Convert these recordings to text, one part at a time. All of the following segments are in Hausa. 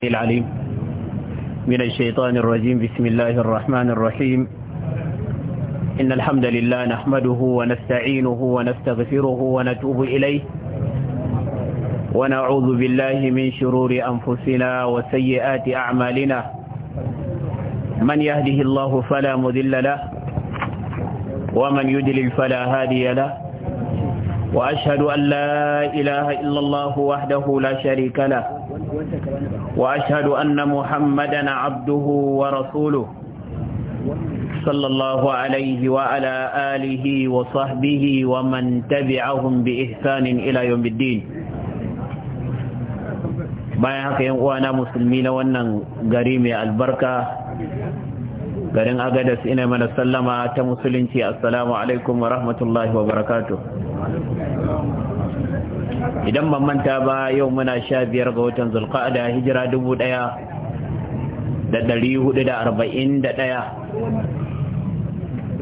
العليم من الشيطان الرجيم بسم الله الرحمن الرحيم إن الحمد لله نحمده ونستعينه ونستغفره ونتوب إليه ونعوذ بالله من شرور أنفسنا وسيئات أعمالنا من يهده الله فلا مذل له ومن يدلل فلا هادي له وأشهد أن لا إله إلا الله وحده لا شريك له وأشهد أن محمدا عبده ورسوله صلى الله عليه وعلى آله وصحبه ومن تبعهم بإحسان إلى يوم الدين bayan haka yan uwana musulmi na wannan gari mai albarka garin agadas ina mana sallama ta musulunci assalamu alaikum wa rahmatullahi wa barakatuh idan ban manta ba yau muna sha biyar ga watan da hijira dubu ɗaya da ɗari hudu da arba'in da ɗaya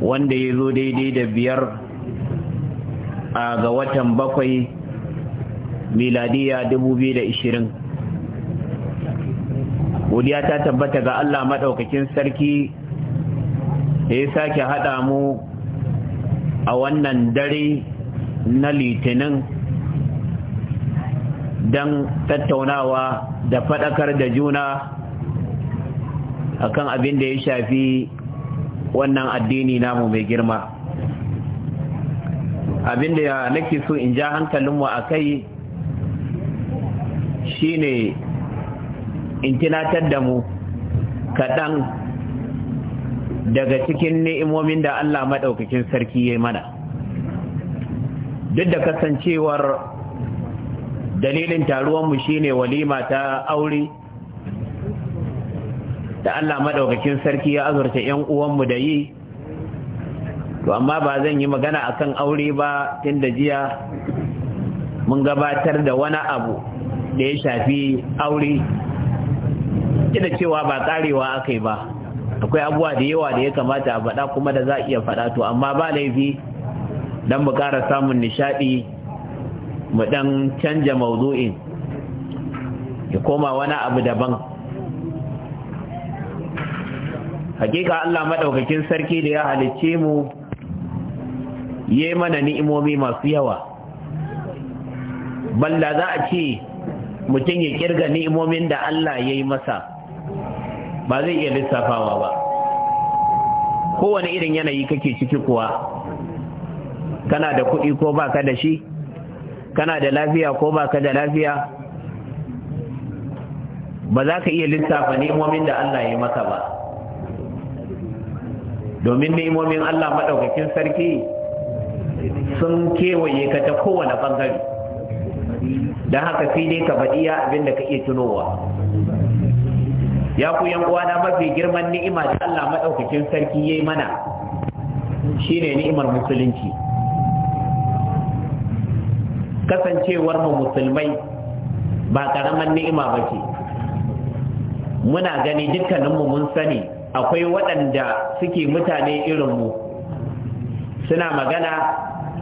wanda ya zo daidai da biyar a ga watan bakwai miladiya dubu biyu da ishirin godiya ta tabbata ga allah maɗaukakin sarki da ya sake haɗa mu a wannan dare na litinin don tattaunawa da faɗakar da juna akan abin da ya shafi wannan addini namu mai girma abin da nake so in ja hankalinmu a kai shine in tinatar da mu kaɗan daga cikin ni'imomin da Allah maɗaukakin sarki ya mana duk da kasancewar dalilin taruwanmu shine walima ta aure da Allah madaukakin sarki ya azurta yan uwanmu da yi to amma ba zan yi magana akan aure ba tunda jiya mun gabatar da wani abu da ya shafi aure ina cewa ba karewa akai ba akwai abuwa da yawa da ya kamata a faɗa kuma da za a iya faɗa to amma ba laifi don mu ƙara samun nishaɗi mu dan canja mawdu'in ya koma wani abu daban hakika Allah maɗaukakin sarki da ya halicce mu yi mana ni'imomi masu yawa balla za a ce mutum ya kirga ni'imomin da Allah ya yi masa ba zai iya lissafawa ba kowane irin yanayi kake ciki kuwa kana da kuɗi ko ba ka da shi kana da lafiya ko ba ka da lafiya ba za ka iya lissafa ni'imomin da Allah ya yi maka ba domin ni'imomin Allah maɗaukakin sarki sun kewaye ka ta kowane ɓangare don haka sai ne ka faɗi ya abin da ka iya tunowa ya ku yan uwana mafi girman ni'ima da Allah maɗaukakin sarki ya yi mana shine ni'imar musulunci kasancewar mu musulmai ba karaman ni'ima ba ce muna gani dukkaninmu mun sani akwai waɗanda suke mutane irinmu suna magana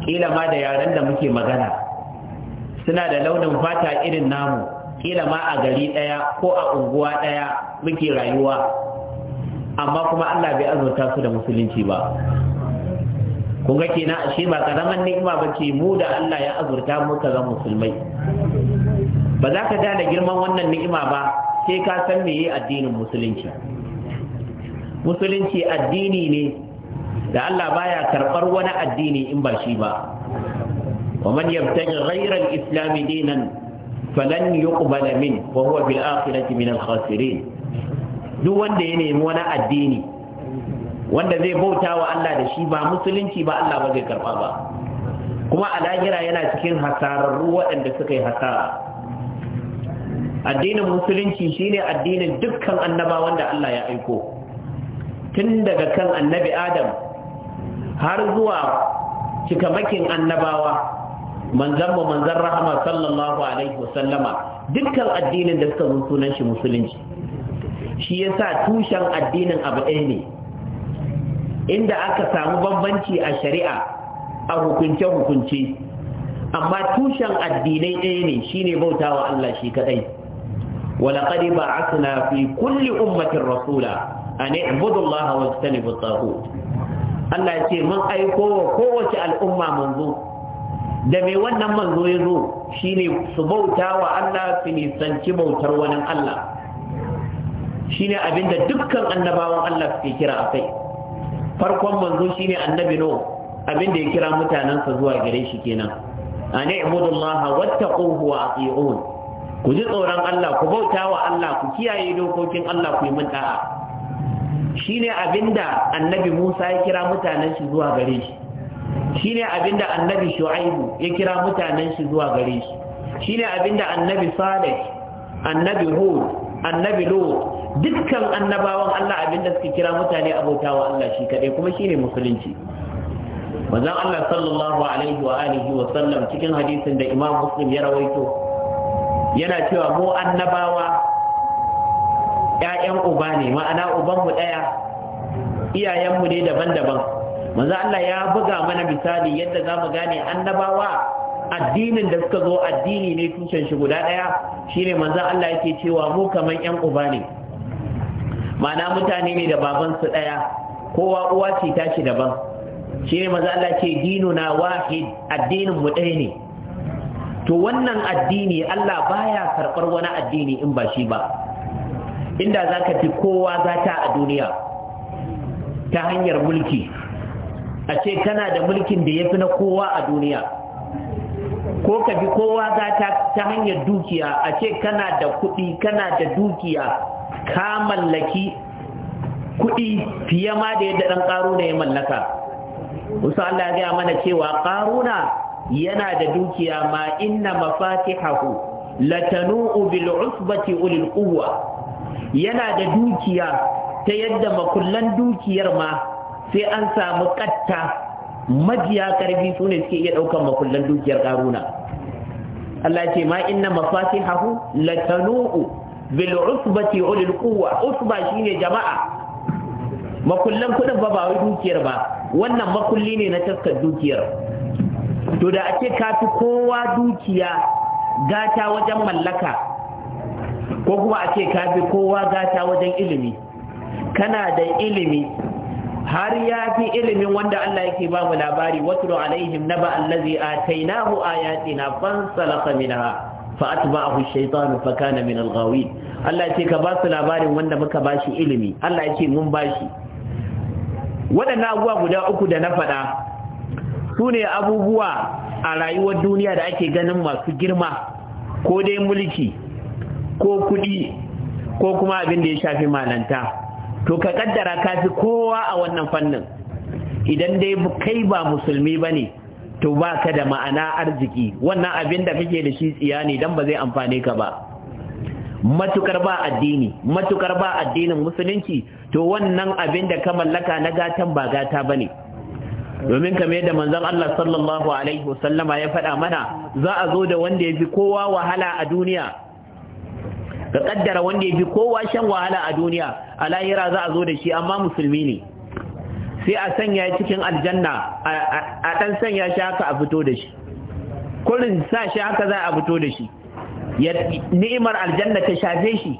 ƙila ma da yaren da muke magana suna da launin fata irin namu ƙila ma a gari ɗaya ko a unguwa ɗaya muke rayuwa amma kuma Allah bai azurta su da musulunci ba kun ga kenan ashe ba karaman ni'ima ba ce mu da Allah ya azurta mu ka zama musulmai ba za ka gane girman wannan ni'ima ba sai ka san meye addinin musulunci musulunci addini ne da Allah baya karɓar wani addini in ba shi ba wa man yabtaji ghayra al-islam dinan falan yuqbala min wa huwa bil akhirati min al-khasirin duk wanda ya nemi wani addini wanda zai bauta wa Allah da shi ba musulunci ba Allah ba zai karba ba kuma a lahira yana cikin hasararru waɗanda suka yi hasara addinin musulunci shine addinin dukkan annaba wanda Allah ya aiko tun daga kan annabi adam har zuwa cikamakin annabawa manzan mu manzan rahama sallallahu alaihi wasallama dukkan addinin da suka zo sunan shi musulunci shi yasa tushen addinin abu ɗaya ne inda aka samu bambanci a shari'a a hukunce-hukunce amma tushen addinai ɗaya ne shine bauta wa Allah shi kaɗai walaƙad ba'athna fi kulli ummatin rasula an i'budu Allah wa tanibu tahu Allah ce mun aiko wa kowace al'umma manzo da me wannan manzo ya zo shine su bauta wa Allah su nisanci bautar wani Allah shine abinda dukkan annabawan Allah suke kira a kai farkon manzo shine annabi no abinda ya kira mutanensa zuwa gare shi kenan an ibudullah wattaquhu wa ati'un ku ji tsoron Allah ku bauta wa Allah ku kiyaye dokokin Allah ku yi min da'a shine abinda annabi Musa ya kira mutanen shi zuwa gare shi shine abinda annabi Shu'aibu ya kira mutanen shi zuwa gare shi shine abinda annabi Salih annabi Hud annabi Lut dukkan annabawan Allah abinda suke kira mutane abota wa Allah shi kadai kuma shine musulunci manzon Allah sallallahu alaihi wa alihi wa sallam cikin hadisin da Imam Muslim ya rawaito yana cewa mu annabawa ƴaƴan uba ne ma'ana ubanmu ɗaya iyayenmu ne daban-daban manzo Allah ya buga mana misali yadda za mu gane annabawa addinin da suka zo addini ne tushen shi guda daya shine manzo Allah yake cewa mu kaman ƴan uba ne ma'ana mutane ne da babansu ɗaya kowa uwa ce tashi daban shi ne maza Allah ce na wahid addinin mu ɗaya ne to wannan addini Allah baya karɓar wani addini in ba shi ba inda za ka fi kowa ta a duniya ta hanyar mulki a ce kana da mulkin da ya fi na kowa a duniya ko ka fi kowa zata ta hanyar dukiya a ce kana da kuɗi kana da dukiya ka mallaki kuɗi fiye ma da yadda ɗan ƙaruna ya mallaka wasu Allah gaya mana cewa ƙaruna yana da dukiya ma inna hahu latanu'u bil usbati ulil quwwa yana da dukiya ta yadda makullan dukiyar ma sai an samu katta majiya karfi su ne suke iya ɗaukan makullan dukiyar ƙaruna Allah ce ma inna hahu latanu'u bil usbati ulil quwwa usba shine jama'a makullan kudin ba ba wai dukiyar ba wannan makulli ne na taskar dukiyar to da ake ka fi kowa dukiya gata wajen mallaka ko kuma ake ka fi kowa gata wajen ilimi kana da ilimi har ya fi ilimin wanda Allah yake ba mu labari watlu alaihim naba allazi atainahu ayatina fansalakha minha fa atba'ahu ash-shaytan fa kana min al Allah yace ka ba su labarin wanda muka bashi ilimi Allah yace mun bashi wadannan abubuwa guda uku da na faɗa sune abubuwa a rayuwar duniya da ake ganin masu girma ko dai mulki ko kudi, ko kuma abin da ya shafi malanta to ka kaddara kafi kowa a wannan fannin idan dai kai ba musulmi bane to ba ka da ma'ana arziki wannan abin da kake da shi tsiya ne don ba zai amfane ka ba matukar ba addini matukar ba addinin musulunci to wannan abin da ka mallaka na gatan ba gata ba ne domin kamar yadda manzon Allah sallallahu alaihi wasallama ya faɗa mana za a zo da wanda ya fi kowa wahala a duniya ka kaddara wanda ya fi kowa shan wahala a duniya a lahira za a zo da shi amma musulmi ne sai a sanya cikin aljanna a ɗan sanya shi haka a fito da shi sa shi haka za a fito da shi ni'imar aljanna ta shafe shi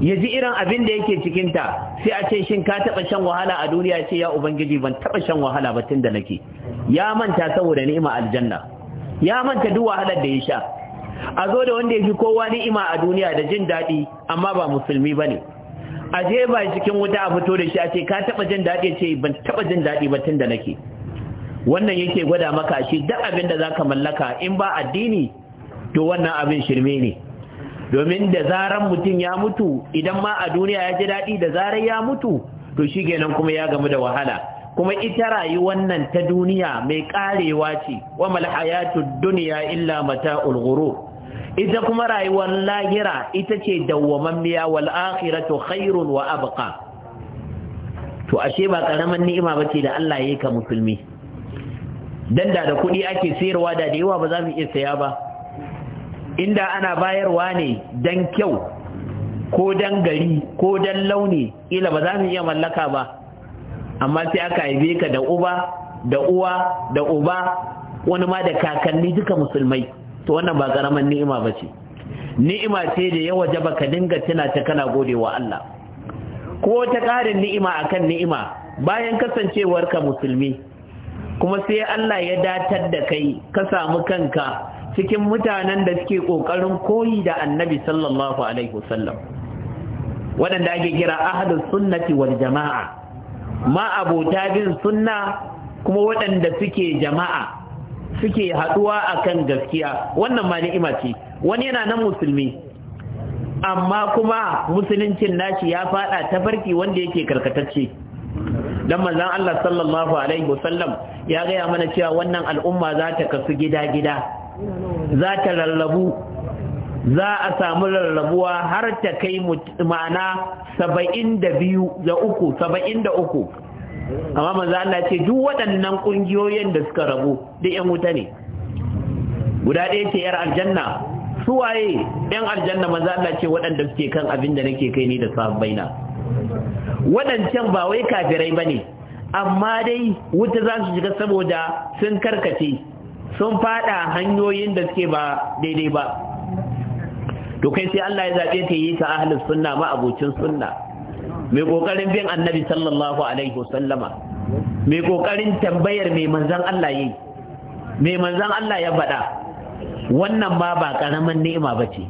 ya ji irin abin da yake cikinta sai a ce shin ka taɓa shan wahala a duniya ce ya ubangiji ban taɓa shan wahala ba tun da nake ya manta saboda ni'ima aljanna ya manta duk wahalar da ya sha a zo da wanda ya fi kowa ni'ima a duniya da jin daɗi amma ba musulmi ba ne a ba cikin wuta a fito da shi a ce ka taba jin daɗi ce ban taɓa jin daɗi ba tun da nake wannan yake gwada maka shi duk abin da za ka mallaka in ba addini to wannan abin shirme ne domin da zaran mutum ya mutu idan ma a duniya ya ji daɗi da zarar ya mutu to shi kenan kuma ya gamu da wahala kuma ita rayu wannan ta duniya mai karewa ce wa mal duniya illa mata ghurur ita kuma rayuwar lahira ita ce dawwamammiya wal akhiratu khairun wa abqa to ashe ba karaman ni'ima ce da Allah yake ka musulmi dan da da kuɗi ake sayarwa da da yawa ba za mu iya saya ba inda ana bayarwa ne dan kyau ko dan gari ko dan launi ila ba za mu iya mallaka ba amma sai aka haife ka da uba da uwa da uba wani ma da kakanni duka musulmai to wannan ba karaman ni'ima ba ce ni'ima ce da ya waje ba ka dinga tuna ta kana gode wa Allah ko ta ƙarin ni'ima akan ni'ima bayan kasancewar ka musulmi kuma sai Allah ya datar da kai ka samu kanka cikin mutanen da suke ƙoƙarin koyi da annabi sallallahu alaihi wasallam waɗanda ake kira ahlus sunnati wal jama'a ma abota bin sunna kuma waɗanda suke jama'a suke haduwa akan gaskiya wannan ma ni'ima ce wani yana nan musulmi amma kuma musuluncin nashi ya fada farki wanda yake karkatacce dan manzon Allah sallallahu alaihi wasallam ya gaya mana cewa wannan al'umma za ta kasu gida-gida za ta rarrabu za a samu rarrabuwa har ta kai ma'ana saba'in da biyu da da uku amma manzo Allah ce duk waɗannan kungiyoyin da suka rabu duk ƴan wuta ne guda ɗaya ce yar aljanna su waye yan aljanna manzo Allah ce waɗanda suke kan abin da nake kai ni da na. waɗancan ba wai kafirai bane amma dai wuta za su shiga saboda sun karkace sun fada hanyoyin da suke ba daidai ba to kai sai Allah ya zabe ka yi ta ahlus sunna ma abocin sunna mai kokarin bin annabi sallallahu alaihi wasallama mai kokarin tambayar mai manzan Allah yi mai manzan Allah ya faɗa wannan ma ba karaman ni'ima ba ce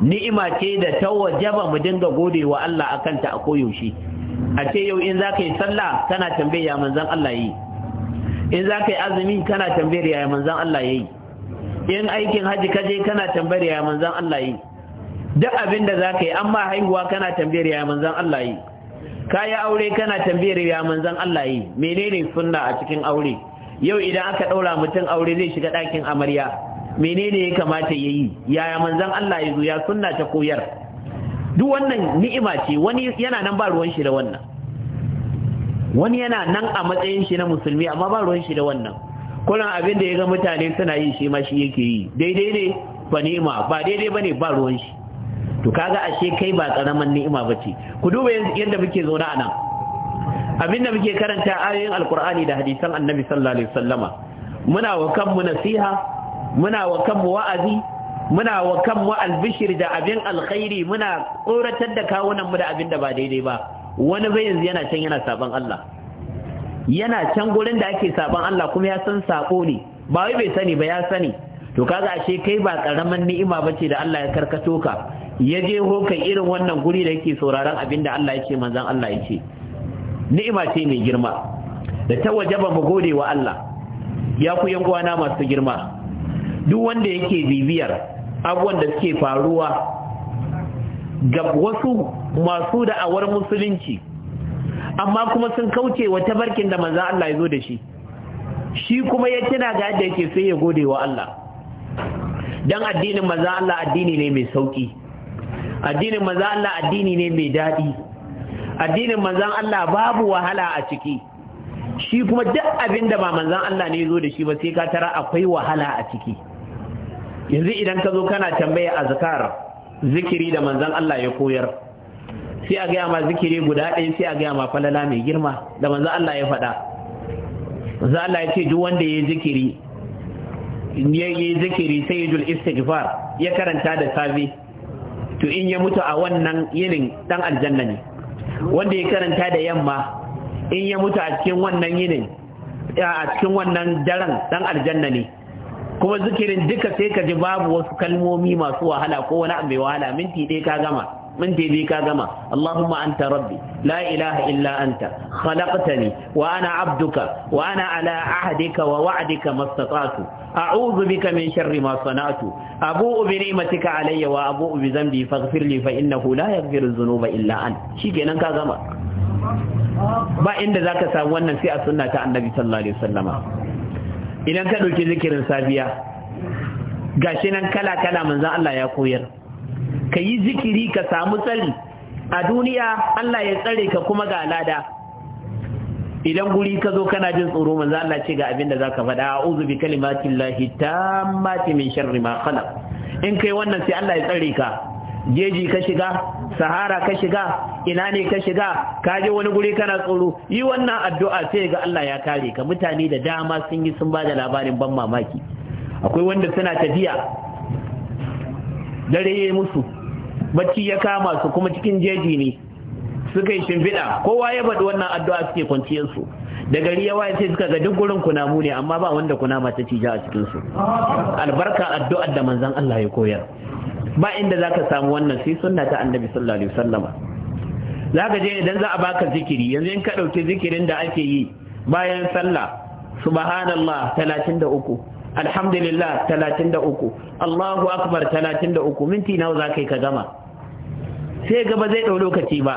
ni'ima ce da ta wajaba mu dinga gode wa Allah akan ta a koyaushe a ce yau in za ka yi sallah kana tambayar ya manzan Allah yi in za ka yi azumi kana tambayar ya manzan Allah yi in aikin haji kaje kana tambayar ya manzan Allah yi duk abin da za ka yi an ma haihuwa kana tambayar ya manzan Allah yi ka yi aure kana tambayar ya manzan Allah yi menene sunna a cikin aure yau idan aka ɗaura mutum aure zai shiga ɗakin amarya menene ya kamata ya yi yaya manzan Allah ya zo ya sunna ta koyar duk wannan ni'ima ce wani yana nan ba ruwan shi da wannan wani yana nan a matsayin shi na musulmi amma ba ruwan shi da wannan kullum abin da ya ga mutane suna yi shi ma shi yake yi daidai ne ba ni'ima ba daidai bane ba ruwan shi to kaga ashe kai ba karaman ni'ima bace ku duba yadda muke zaune a nan abinda muke karanta ayoyin alkur'ani da hadisan annabi sallallahu alaihi wasallama muna wa kanmu nasiha muna wa kanmu wa'azi muna wa kanmu albishir da abin alkhairi muna ƙoratar da kawunanmu da abin da ba daidai ba wani bai yanzu yana can yana saban Allah yana can gurin da ake saban Allah kuma ya san sako ne ba wai bai sani ba ya sani to kaga ashe kai ba karaman ni'ima bace da Allah ya karkato ka ya je hokan irin wannan guri da yake sauraron abin da Allah ya ce manzan Allah ya ce ni'ima ce mai girma da ta wajaba mu gode wa Allah ya ku yan uwana masu girma duk wanda yake bibiyar abubuwan da suke faruwa ga wasu masu da'awar musulunci amma kuma sun kauce wa tabarkin da manzan Allah ya zo da shi shi kuma ya tuna ga yadda yake sai ya gode wa Allah dan addinin manzan Allah addini ne mai sauki addinin manzan Allah addini ne mai daɗi addinin manzan Allah babu wahala a ciki shi kuma duk abin da ba manzan Allah ne zo da shi ba sai ka tara akwai wahala a ciki yanzu idan ka zo kana tambaya azkar zikiri da manzan Allah ya koyar sai a gaya ma zikiri guda ɗaya sai a gaya ma falala mai girma da manzan Allah ya faɗa manzan Allah ya ce duk wanda ya yi zikiri ya yi zikiri sai ya jul istighfar ya karanta da safe to in ya mutu a wannan yinin dan aljanna ne wanda ya karanta da yamma in ya mutu a cikin wannan yinin a cikin wannan daren dan aljanna ne kuma zikirin duka sai ka ji babu wasu kalmomi masu wahala ko wani abu mai wahala minti ɗaya ka gama من ديبي كاغما اللهم أنت ربي لا إله إلا أنت خلقتني وأنا عبدك وأنا على عهدك ووعدك ما استطعت أعوذ بك من شر ما صنعت أبوء بنعمتك علي وأبوء بذنبي فاغفر لي فإنه لا يغفر الذنوب إلا أنت شي kenan ka gama ba inda zaka samu wannan sai a sunna ta annabi sallallahu alaihi wasallama idan ka dauki zikirin safiya gashi nan kala kala manzon Allah ya koyar ka yi zikiri ka samu tsari a duniya Allah ya tsare ka kuma ga lada idan guri ka zo kana jin tsoro manzo Allah ce ga abin da zaka faɗa a'udhu bi kalimati llahi tammati min sharri ma khalaq in kai wannan sai Allah ya tsare ka jeji ka shiga sahara ka shiga ina ne ka shiga ka je wani guri kana tsoro yi wannan addu'a sai ga Allah ya kare ka mutane da dama sun yi sun bada labarin ban mamaki akwai wanda suna tafiya dare yayi musu bacci ya kama su kuma cikin jeji ne suka yi shimfiɗa kowa ya faɗi wannan addu'a suke kwanciyarsu da gari ya waye sai suka ga duk gurin kunamu ne amma ba wanda kunama ta cija a cikin su albarka addu'a da manzan Allah ya koyar ba inda zaka samu wannan sai sunna ta annabi sallallahu alaihi wasallama zaka je idan za a baka zikiri yanzu in ka ɗauki zikirin da ake yi bayan sallah subhanallah uku. alhamdulillah uku Allahu akbar talatin da uku minti nawa za ka yi ka gama sai gaba zai ɗau lokaci ba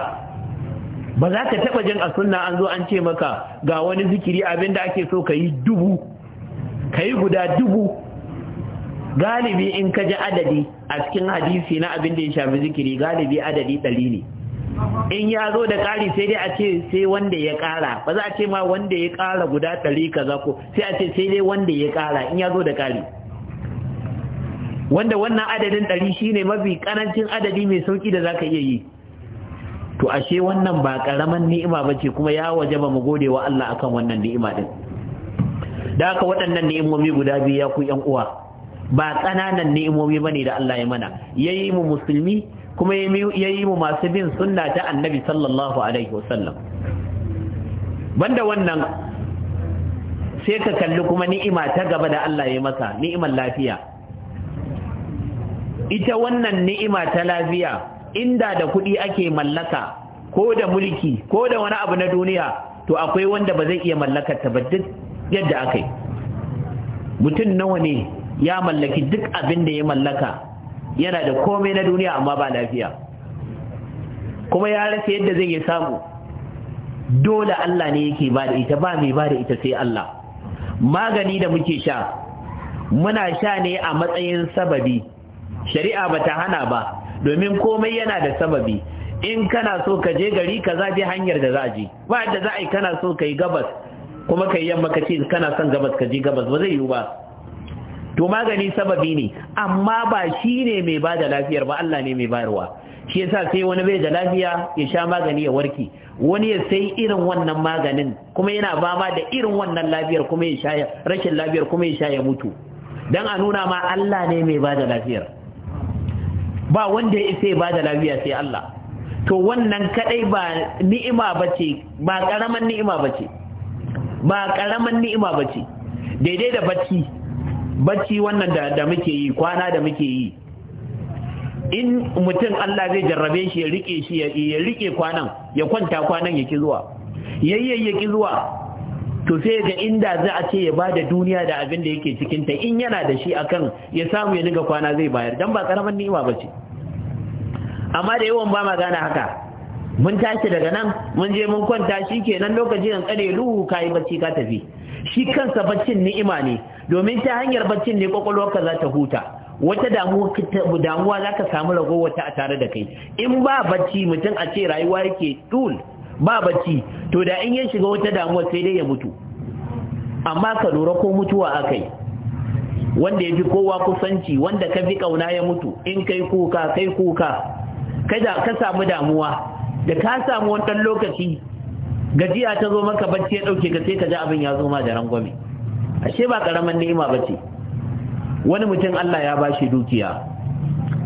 ba za ka taɓa jin a sunna an zo an ce maka ga wani zikiri abinda da ake so ka yi dubu ka yi guda dubu galibi in ka ji adadi a cikin hadisi na abin da ya shafi zikiri galibi adadi ɗari ne in ya zo da ƙari sai dai a ce sai wanda ya ƙara ba za a ce ma wanda ya ƙara guda ɗari kaza ko sai a ce sai dai wanda ya ƙara in ya zo da ƙari wanda wannan adadin ɗari shine mafi ƙarancin adadi mai sauƙi da za ka iya yi to ashe wannan ba ƙaramin ni'ima ba ce kuma ya waje ba mu gode wa Allah akan wannan ni'ima ɗin da haka waɗannan ni'imomi guda biyu ya ku 'yan uwa ba ƙananan ni'imomi ba ne da Allah ya mana ya yi mu musulmi kuma ya yi mu masu bin sunna ta annabi sallallahu alaihi wasallam banda wannan sai ka kalli kuma ni'ima ta gaba da Allah ya masa ni'imar lafiya ita wannan ni'ima ta lafiya inda da kuɗi ake mallaka ko da mulki ko da wani abu na duniya to akwai wanda ba zai iya mallakar ta ba duk yadda aka yi mutum nawa ne ya mallaki duk abin da ya mallaka yana da komai na duniya amma ba lafiya kuma ya rasa yadda zai yi samu dole Allah ne yake ba da ita ba mai ba da ita sai Allah magani da muke sha muna sha ne a matsayin sababi shari'a ba ta hana ba domin komai yana da sababi in kana so ka je gari ka za je hanyar da za je ba da za a yi kana so ka yi gabas kuma ka yi yamma ka ce kana son gabas ka je gabas ba zai yiwu ba to magani sababi ne amma ba shi ne mai ba da lafiyar ba Allah ne mai bayarwa shi yasa sai wani bai da lafiya ya sha magani ya warke wani ya sai irin wannan maganin kuma yana fama da irin wannan lafiyar kuma ya sha rashin lafiyar kuma ya sha ya mutu dan a nuna ma Allah ne mai ba da lafiyar ba wanda ya sai ba da lafiya sai Allah to wannan kadai ba ni'ima bace ba karaman ni'ima bace ba karaman ni'ima bace daidai da bacci bacci wannan da muke yi kwana da muke yi in mutum Allah zai jarrabe shi ya rike shi ya rike kwanan ya kwanta kwanan ya ki zuwa ya ki zuwa to sai ga inda za a ce ya bada duniya da abin da yake cikin ta in yana da shi akan ya samu ya niga kwana zai bayar dan ba karaman ni'ima bace amma da yawan ba ma gane haka mun tashi daga nan mun je mun kwanta shi kenan lokaci an kare ruhu kai bacci ka tafi shi kansa baccin ni'ima ne domin ta hanyar baccin ne kwakwalwarka za ta huta wata damuwa za ka samu ragowata a tare da kai in ba bacci mutum a ce rayuwa yake dul ba bacci to da in ya shiga wata damuwa sai dai ya mutu amma ka lura ko mutuwa a kai. wanda ya fi kowa kusanci wanda ka fi kauna ya mutu in kai kuka kai kuka ka samu damuwa da ka samu wani lokaci gajiya ta zo maka bacci ya ɗauke ka sai ka ji abin ya zo ma da rangwame ashe ba karaman ni'ima bace wani mutum Allah ya bashi dukiya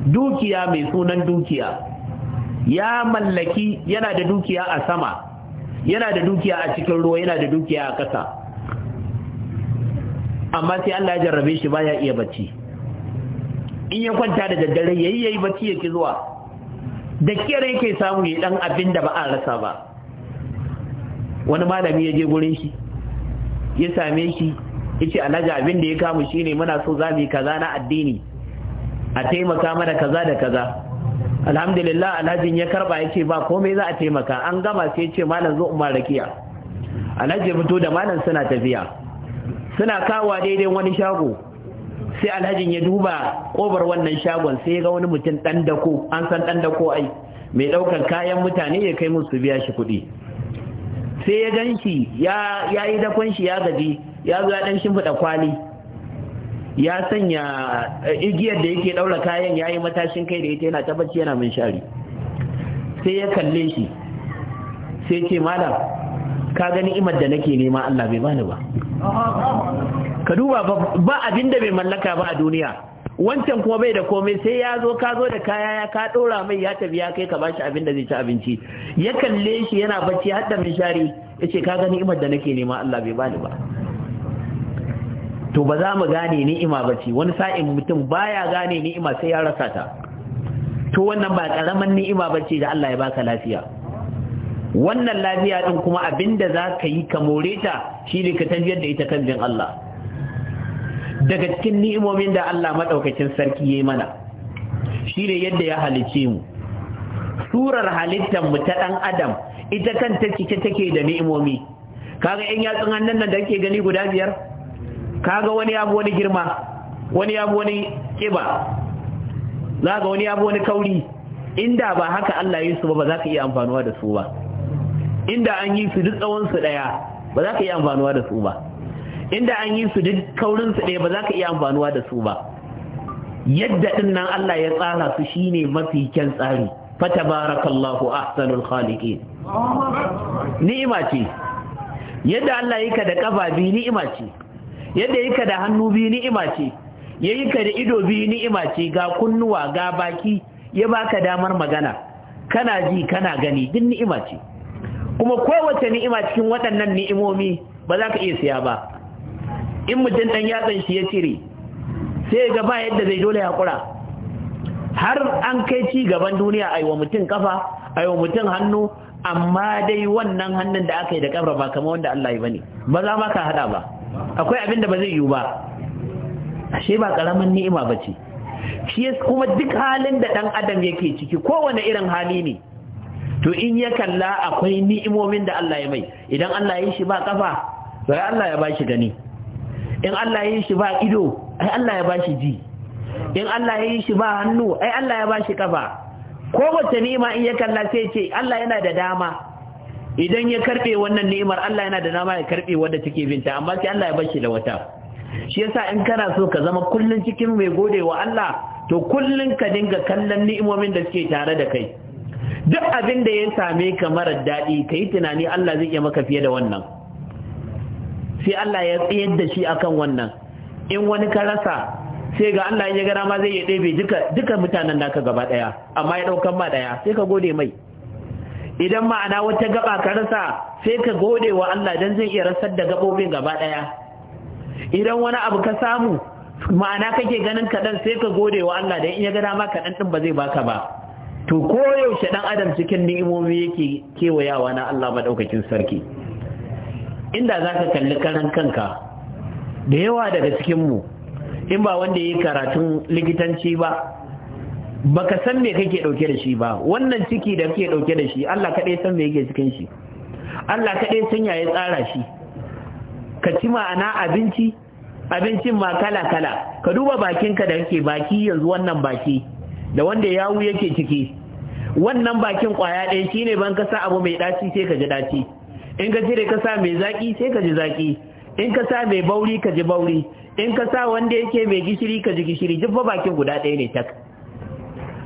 dukiya mai sunan dukiya ya mallaki yana da dukiya a sama yana da dukiya a cikin ruwa yana da dukiya a ƙasa amma sai Allah ya jarrabe shi baya iya bacci in ya kwanta da daddare yayi yayi bacci yake zuwa da kiyar yake samu ya dan abin da ba a rasa ba wani malami ya je gurin shi ya same shi ya ce alhaji abin da ya kama shi ne muna so za mu yi kaza na addini a taimaka mana kaza da kaza alhamdulillah alhajin ya karba ya ce ba komai za a taimaka an gama sai ya ce malam zo umar rakiya alhaji ya fito da malam suna tafiya suna kawo daidai wani shago sai alhajin ya duba kobar wannan shagon sai ya ga wani mutum dan dako an san dan dako ai mai daukar kayan mutane ya kai musu biya shi kuɗi sai ya gan shi ya yi dakon shi ya gaji ya zuwa ɗan dan shimfiɗa kwali ya sanya eh, igiyar da yake ɗaura kayan ya yi matashin kai da ita yana tabbaci yana min shari sai ya kalle shi sai ce malam ka gani imar da nake nema Allah bai bani ba ka duba ba abin da bai mallaka ba a duniya wancan kuma bai da komai sai ya zo ka zo da kaya ya ka dora mai ya tafi ya kai ka bashi abin da zai ci abinci ya kalle shi yana bacci har da mishari ya ce ka ga ni'imar da nake nema Allah bai bani ba to ba za mu gane ni'ima ba ce wani sa'in mutum baya gane ni'ima sai ya rasa ta to wannan ba karaman ni'ima ba ce da Allah ya baka lafiya wannan lafiya din kuma abinda za ka yi ka more ta shi ne ka tafiyar da ita kan bin Allah daga cikin ni'imomin da Allah maɗaukacin sarki ya yi mana shi ne yadda ya halice mu surar halittar mu ta ɗan adam ita kanta cike take da ni'imomi kaga yan yatsun hannun nan da kake gani guda biyar kaga wani ya wani girma wani ya wani kiba zaka wani ya wani kauri inda ba haka Allah ya yi su ba ba za ka iya amfanuwa da su ba inda an yi su duk tsawon su daya ba za ka iya amfanuwa da su ba inda an yi su duk kaurin su ɗaya ba za ka iya amfanuwa da su ba yadda ɗin nan Allah ya tsara su shine mafi kyan tsari fatabarakallahu ahsanul khaliqin ni'ima ce yadda Allah yake da kafa bi ni'ima ce yadda yake da hannu bi ni'ima ce yayi ka da ido bi ni'ima ce ga kunnuwa ga baki ya baka damar magana kana ji kana gani duk ni'ima ce kuma kowace ni'ima cikin waɗannan ni'imomi ba za ka iya siya ba in mutum ɗan yatsan shi ya cire sai ga ba yadda zai dole haƙura har an kai ci gaban duniya a yi wa mutum kafa a yi wa mutum hannu amma dai wannan hannun da aka yi da kabra ba kamar wanda Allah ya bane ba za ma ka hada ba akwai abin da ba zai yiwu ba ashe ba karamin ni'ima ce, shi kuma duk halin da dan adam yake ciki kowane irin hali ne to in ya kalla akwai ni'imomin da Allah ya mai idan Allah ya yi shi ba kafa sai Allah ya ba shi gani in Allah ya yi shi ba ido ai Allah ya ba shi ji in Allah ya yi shi ba hannu ai Allah ya ba shi kafa wace ni'ima in ya kalla sai ce Allah yana da dama idan ya karbe wannan ni'imar Allah yana da dama ya karbe wanda take binta amma sai Allah ya bar shi da wata shi yasa in kana so ka zama kullun cikin mai godewa Allah to kullun ka dinga kallon ni'imomin da suke tare da kai duk abin da ya same ka marar daɗi ka yi tunani Allah zai iya maka fiye da wannan sai Allah ya tsayar da shi akan wannan in wani ka rasa sai ga Allah ya gara ma zai ya ɗebe duka duka mutanen naka gaba ɗaya amma ya ɗaukan ma ɗaya sai ka gode mai idan ma'ana wata gaba ka rasa sai ka gode wa Allah dan zai iya rasar da gabobin gaba ɗaya idan wani abu ka samu ma'ana kake ganin kaɗan sai ka gode wa Allah dan iya gara ma kaɗan ɗin ba zai baka ba to koyaushe ɗan adam cikin ni'imomi yake kewayawa na Allah maɗaukakin sarki inda za ka kalli karan kanka da yawa daga cikinmu in ba wanda ya yi karatun likitanci ba baka san me kake dauke da shi ba wannan ciki da kake dauke da shi Allah kaɗai san me yake cikin shi Allah kaɗai san ya yi tsara shi ka ci ma'ana abinci abincin ma kala kala ka duba bakinka da kake baki yanzu wannan baki da wanda ya yake ciki wannan bakin kwaya ɗaya shine ban ka sa abu mai ɗaci sai ka ji daci in ka cire ka sa mai zaki sai ka ji zaki in ka sa mai bauri ka ji bauri in ka sa wanda yake mai gishiri ka ji gishiri duk bakin guda ɗaya ne tak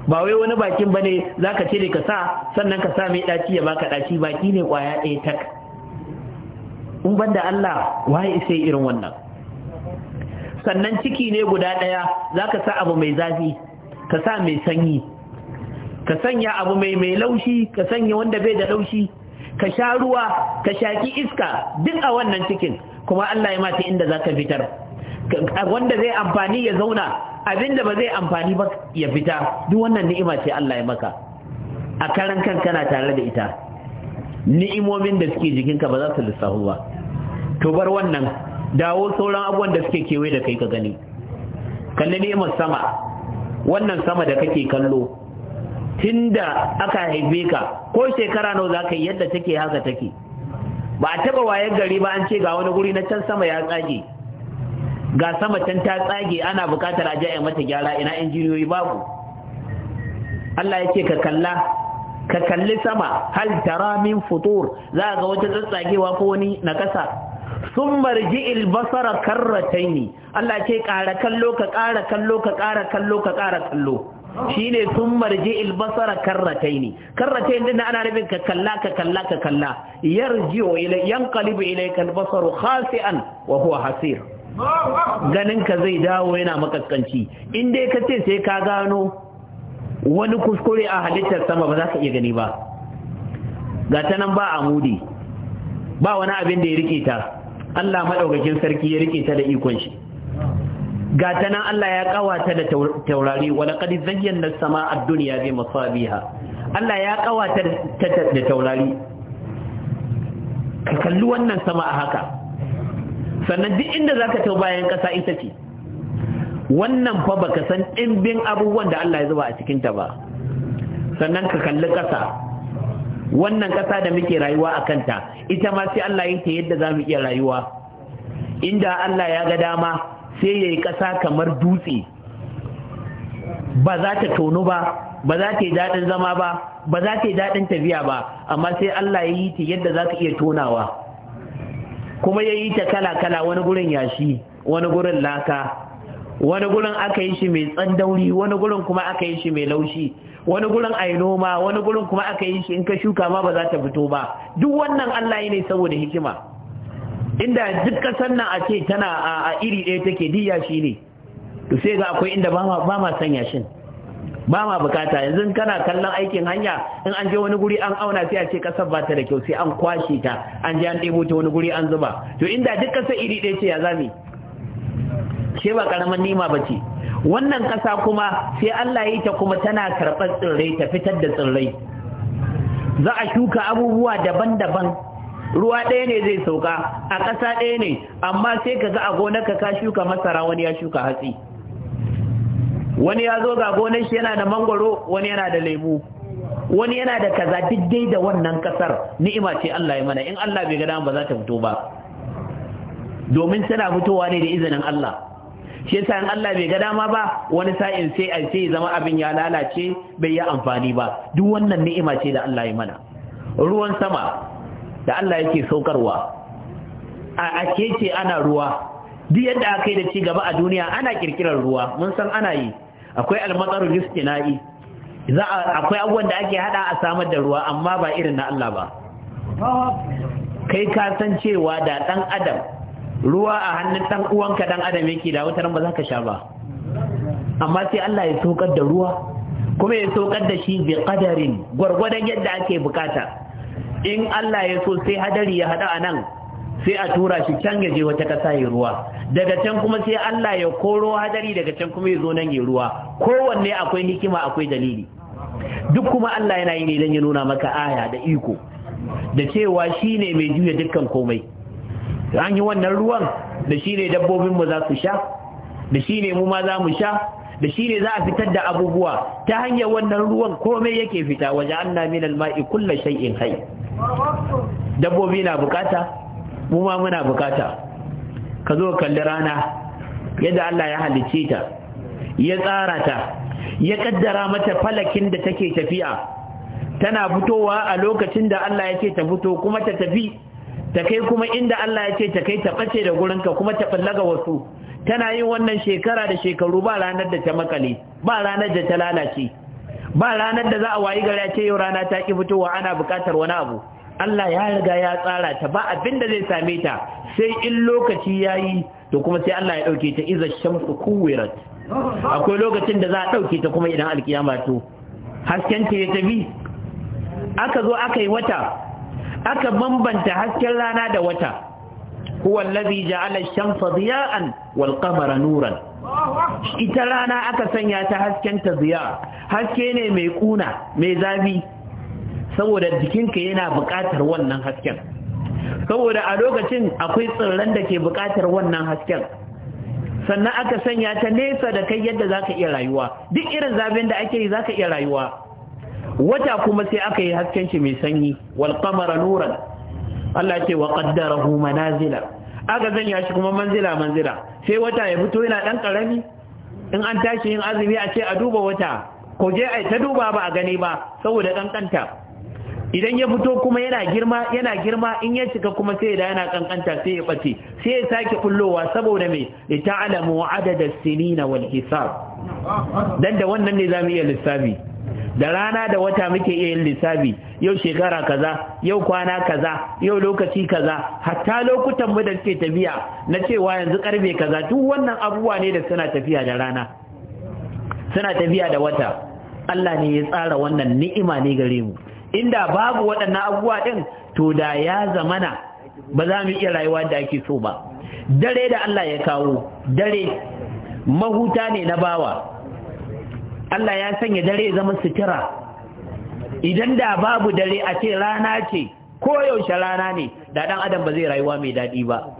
ba wai wani bakin bane zaka cire ka sa sannan ka sa mai daci ya baka daci baki ne kwaya ɗaya tak in banda Allah waye sai irin wannan sannan ciki ne guda ɗaya zaka sa abu mai zafi ka sa mai sanyi ka sanya abu mai mai laushi ka sanya wanda bai da laushi ka sha ruwa ka shaki iska duk a wannan cikin kuma Allah ya mata inda za ka fitar wanda zai amfani ya zauna abinda ba zai amfani ba ya fita duk wannan ni'ima ce Allah ya maka a karan kan kana tare da ita ni'imomin da suke jikinka ba za su lissahu ba to bar wannan dawo sauran abubuwan da suke kewaye da kai ka gani kalli ni'imar sama wannan sama da kake kallo Tun da aka haife ka ko shekara nawa za ka yi yadda take haka take ba a taba wayar gari ba an ce ga wani guri na can sama ya tsage ga sama can ta tsage ana bukatar a mata gyara ina injiniyoyi babu Allah ya ce ka kalla ka kalli sama hal tara min futur za ga wata tsatsagewa ko wani nakasa sun marji albasara karrataini Allah ce ƙara kallo ka ƙara kallo ka ƙara kallo ka ƙara kallo shine sun marje albasara karratai ne karratai din ana nufin ka kalla ka kalla ka kalla yarji'u ilay yanqalibu ilayka albasaru khasi'an wa huwa hasir ganin ka zai dawo yana makaskanci in dai ka ce sai ka gano wani kuskure a halittar sama ba za ka iya gani ba ga ta nan ba a mudi. ba wani abin da ya rike ta Allah madaukakin sarki ya rike ta da ikon shi ga ta nan Allah ya kawata da taurari wala qad zayyana as-samaa ad-dunya bi masabiha Allah ya kawata da taurari ka kalli wannan sama a haka sannan duk inda zaka tau bayan kasa ita ce wannan fa baka san dimbin abubuwan da Allah ya zuba a cikin ta ba sannan ka kalli kasa wannan kasa da muke rayuwa a kanta ita ma sai Allah yake yadda za mu iya rayuwa inda Allah ya ga dama sai ya yi ƙasa kamar dutse ba za ta tono ba ba za ta yi daɗin zama ba ba za ta yi daɗin tafiya ba amma sai Allah ya yi ta yadda za ka iya tonawa kuma ya yi ta kala-kala wani gurin yashi wani gurin laka wani gurin aka yi shi mai tsandauri wani gurin kuma aka yi shi mai laushi wani gurin a noma wani gurin kuma aka yi shi in ka shuka ma ba za ta fito ba duk wannan Allah ne saboda hikima inda duk kasar nan a ce tana a iri ɗaya take diya shi ne to sai ga akwai inda ba ma sanya shin ba ma bukata yanzu kana kallon aikin hanya in an je wani guri an auna sai a ce kasar ba ta da kyau sai an kwashe ta an je an ɗebo ta wani guri an zuba to inda duk kasar iri ɗaya ce ya zame ce ba karamin nima ba ce wannan kasa kuma sai Allah ya yi ta kuma tana karɓar tsirrai ta fitar da tsirrai za a shuka abubuwa daban-daban ruwa ɗaya ne zai sauka a ƙasa ɗaya ne amma sai ka ga a gonarka ka shuka masara wani ya shuka hatsi wani ya zo ga gonar shi yana da mangwaro wani yana da lemu wani yana da kaza diddai da wannan kasar ni'ima ce Allah ya mana in Allah bai gada ba za ta fito ba domin tana fitowa ne da izinin Allah shi yasa in Allah bai ga dama ba wani sa'in sai a sai zama abin ya lalace bai yi amfani ba duk wannan ni'ima ce da Allah ya mana ruwan sama da Allah yake saukarwa a ake ce ana ruwa duk yadda aka yi da ci gaba a duniya ana kirkirar ruwa mun san ana yi akwai almatsar istina'i za akwai abubuwan da ake hada a samar da ruwa amma ba irin na Allah ba kai ka san cewa da dan adam ruwa a hannun dan uwanka dan adam yake da wutar ba za ka sha ba amma sai Allah ya saukar da ruwa kuma ya saukar da shi bi qadarin gwargwadon yadda ake bukata in Allah ya so sai hadari ya hada a nan sai a tura shi can ya wata kasa ya ruwa daga can kuma sai Allah ya koro hadari daga can kuma ya zo nan ya ruwa kowanne akwai hikima akwai dalili duk kuma Allah yana yi ne don ya nuna maka aya da iko da cewa shi ne mai juya dukkan komai an yi wannan ruwan da shi ne dabbobinmu za su sha da shi ne mu ma za mu sha da shi ne za a fitar da abubuwa ta hanyar wannan ruwan komai yake fita waje an na minal ma'i kulla shay'in hai dabbobi na bukata mu ma muna bukata ka zo kalli rana yadda Allah ya halicce ta ya tsara ta ya kaddara mata falakin da take tafiya tana fitowa a lokacin da Allah ya ce ta fito kuma ta tafi ta kai kuma inda Allah ya ce ta kai ta bace da gurinka kuma ta fallaga wasu tana yin wannan shekara da shekaru ba ranar da ta makale ba ranar da ta lalace ba ranar da za a wayi gari ce yau rana ta ki fitowa ana bukatar wani abu Allah ya riga ya tsara ta ba abin da zai same ta sai in lokaci yayi to kuma sai Allah ya dauke ta iza shamsu kuwirat akwai lokacin da za a dauke ta kuma idan alkiyama to hasken ta ya tafi aka zo aka yi wata aka bambanta hasken rana da wata huwa allazi ja'ala ash-shamsa diya'an wal nuran ita rana aka sanya ta haskenta ta ziya haske ne mai kuna mai zafi saboda jikinka yana buƙatar wannan hasken saboda a lokacin akwai tsirran da ke buƙatar wannan hasken sannan aka sanya ta nesa da kai yadda za ka iya rayuwa duk irin zafin da ake yi za ka iya rayuwa wata kuma sai aka yi hasken shi mai sanyi wal qamara nuran Allah ce wa qaddarahu manazila aka zan shi kuma manzila manzila sai wata ya fito yana dan karami in an tashi yin azumi a ce a duba wata ko je ai ta duba ba a gani ba saboda kankanta idan ya fito kuma yana girma yana girma in ya shiga kuma sai da yana kankanta sai ya bace sai ya sake kullowa saboda me ta'lamu adada sinina wal hisab dan da wannan ne zamu iya lissafi da rana da wata muke iya yin lissafi yau shekara kaza yau kwana kaza yau lokaci kaza hatta lokutan mu da suke tafiya na cewa yanzu karfe kaza duk wannan abubuwa ne da suna tafiya da rana suna tafiya da wata Allah ne ya tsara wannan ni'ima ne gare mu inda babu waɗannan abubuwa ɗin to da ya zamana ba za mu iya rayuwa da ake so ba dare da Allah ya kawo dare mahuta ne na bawa Allah ya sanya dare zama sutura idan da babu dare a ce rana ce ko yaushe rana ne da dan adam ba zai rayuwa mai dadi ba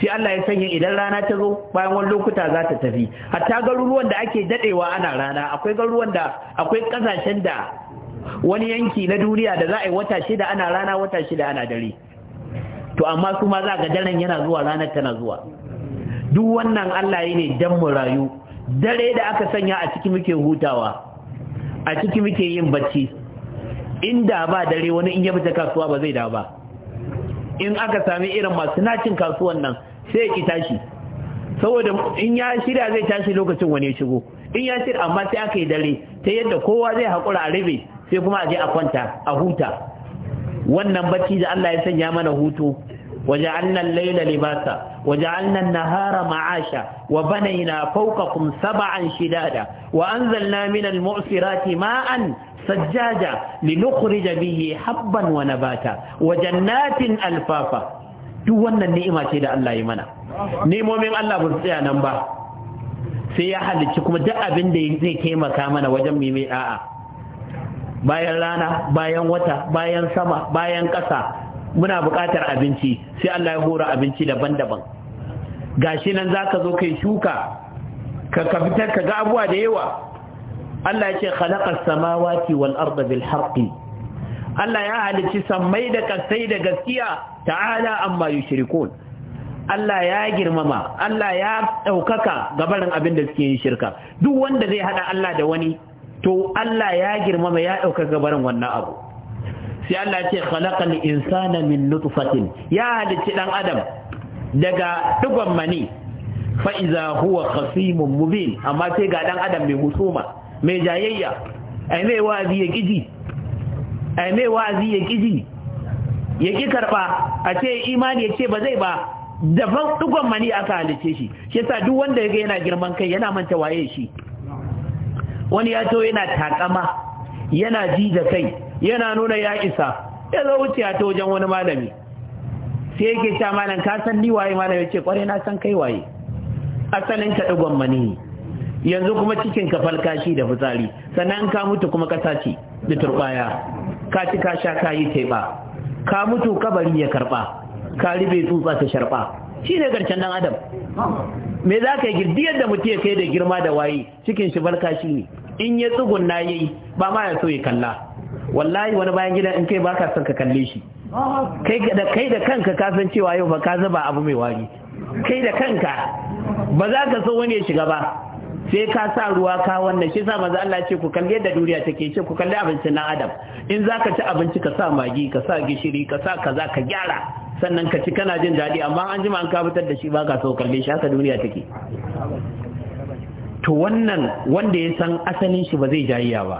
sai Allah ya sanya idan rana ta zo bayan wani lokuta za ta tafi hatta garuruwan da ake dadewa ana rana akwai garuruwan da akwai kasashen da wani yanki na duniya da za a yi wata shida ana rana wata shida ana dare to amma su ma za ga daren yana zuwa ranar tana zuwa duk wannan Allah ne dan mu rayu dare da aka sanya a ciki muke hutawa a ciki muke yin bacci inda ba dare wani in ya kasuwa ba zai da ba in aka sami irin masu nacin kasuwan nan sai ya ki tashi saboda in ya shirya zai tashi lokacin wani ya shigo in ya shirya amma sai aka yi dare ta yadda kowa zai haƙura a rabe sai kuma a je a kwanta a huta wannan bacci da Allah ya sanya mana hutu وجعلنا الليل لباسا وجعلنا النهار معاشا وبنينا فوقكم سبعا شدادا وأنزلنا من المؤثرات ماء سجاجا لنخرج به حبا ونباتا وجنات ألفافا alfafa. wannan ni'ima ce da Allah ya mana nemomin Allah ba tsaya nan ba sai ya halicci kuma duk abin da zai taimaka mana wajen mimi a'a bayan rana bayan wata bayan sama bayan ƙasa muna buƙatar abinci sai Allah ya hora abinci daban-daban gashi nan zaka zo kai shuka ka ka fitar ka ga abuwa da yawa Allah ya ce khalaqas samawati wal arda bil haqqi Allah ya halicci sammai da kasai da gaskiya ta'ala amma yushrikun Allah ya girmama Allah ya ɗaukaka gabarin abin da suke yin shirka duk wanda zai hada Allah da wani to Allah ya girmama ya ɗaukaka gabarin wannan abu sai Allah ce khalaqal insana min nutfatin ya halicci dan adam daga dugon mani fa iza huwa khasimun mubin amma sai ga dan adam mai husuma mai jayayya ai mai wazi ya kiji ai mai wazi ya kiji ya ki karba a ce imani ya ce ba zai ba daban dugon mani aka halice shi shi yasa duk wanda yaga yana girman kai yana manta waye shi wani ya to yana takama yana ji da kai yana nuna ya isa ya zo wuce ta wajen wani malami sai yake cewa malam ka san ni waye malam yace kware na san kai waye asalin ka dugon mani yanzu kuma cikin ka falkashi da fitsari sannan ka mutu kuma ka sace da turbaya ka ci ka sha kayi ba. ka mutu kabari ya karba ka ribe tsutsa ta sharba ne garcen dan adam me za ka yi girdi yadda mutum ya kai da girma da waye cikin shi falkashi ne in ya tsugunna yayi ba ma ya so ya kalla wallahi wani bayan gidan in kai baka son ka kalle shi kai da kanka ka san cewa yau ba ka zaba abu mai wari kai da kanka ba za ka so wani ya shiga ba sai ka sa ruwa ka wannan shi sa manzo Allah ce ku kalle da duniya take ce ku kalle abincin nan adam in zaka ci abinci ka sa magi ka sa gishiri ka sa kaza ka gyara sannan ka ci kana jin daɗi amma an jima an ka fitar da shi ba ka so kalle shi haka duniya take to wannan wanda ya san asalin shi ba zai jayiya ba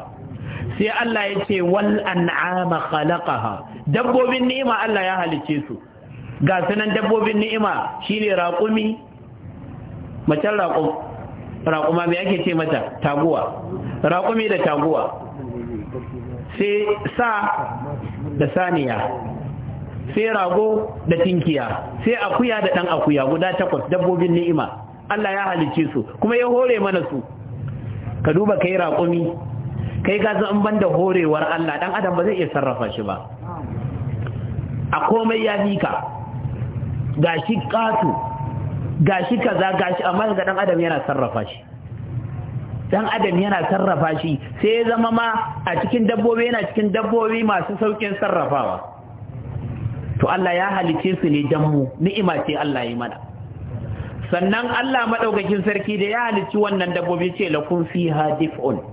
sai Allah ya ce wal an'ama khalaqaha dabbobin ni'ima Allah ya halice su ga sanan dabbobin ni'ima shine raƙumi raqum raƙuma me ake ce mata taguwa raƙumi da taguwa sai sa da saniya sai rago da tinkiya sai akuya da ɗan akuya guda takwas dabbobin ni'ima Allah ya halice su kuma ya hore mana su ka duba kai raƙumi kai ga zan ban da horewar Allah dan adam ba zai iya sarrafa shi ba a komai ya bi ka gashi katu gashi kaza gashi amma ga dan adam yana sarrafa shi dan adam yana sarrafa shi sai ya zama ma a cikin dabbobi yana cikin dabbobi masu saukin sarrafawa to Allah ya halice su ne dan mu ni'ima ce Allah yi mana sannan Allah madaukakin sarki da ya halici wannan dabbobi ce lakun fiha dif'un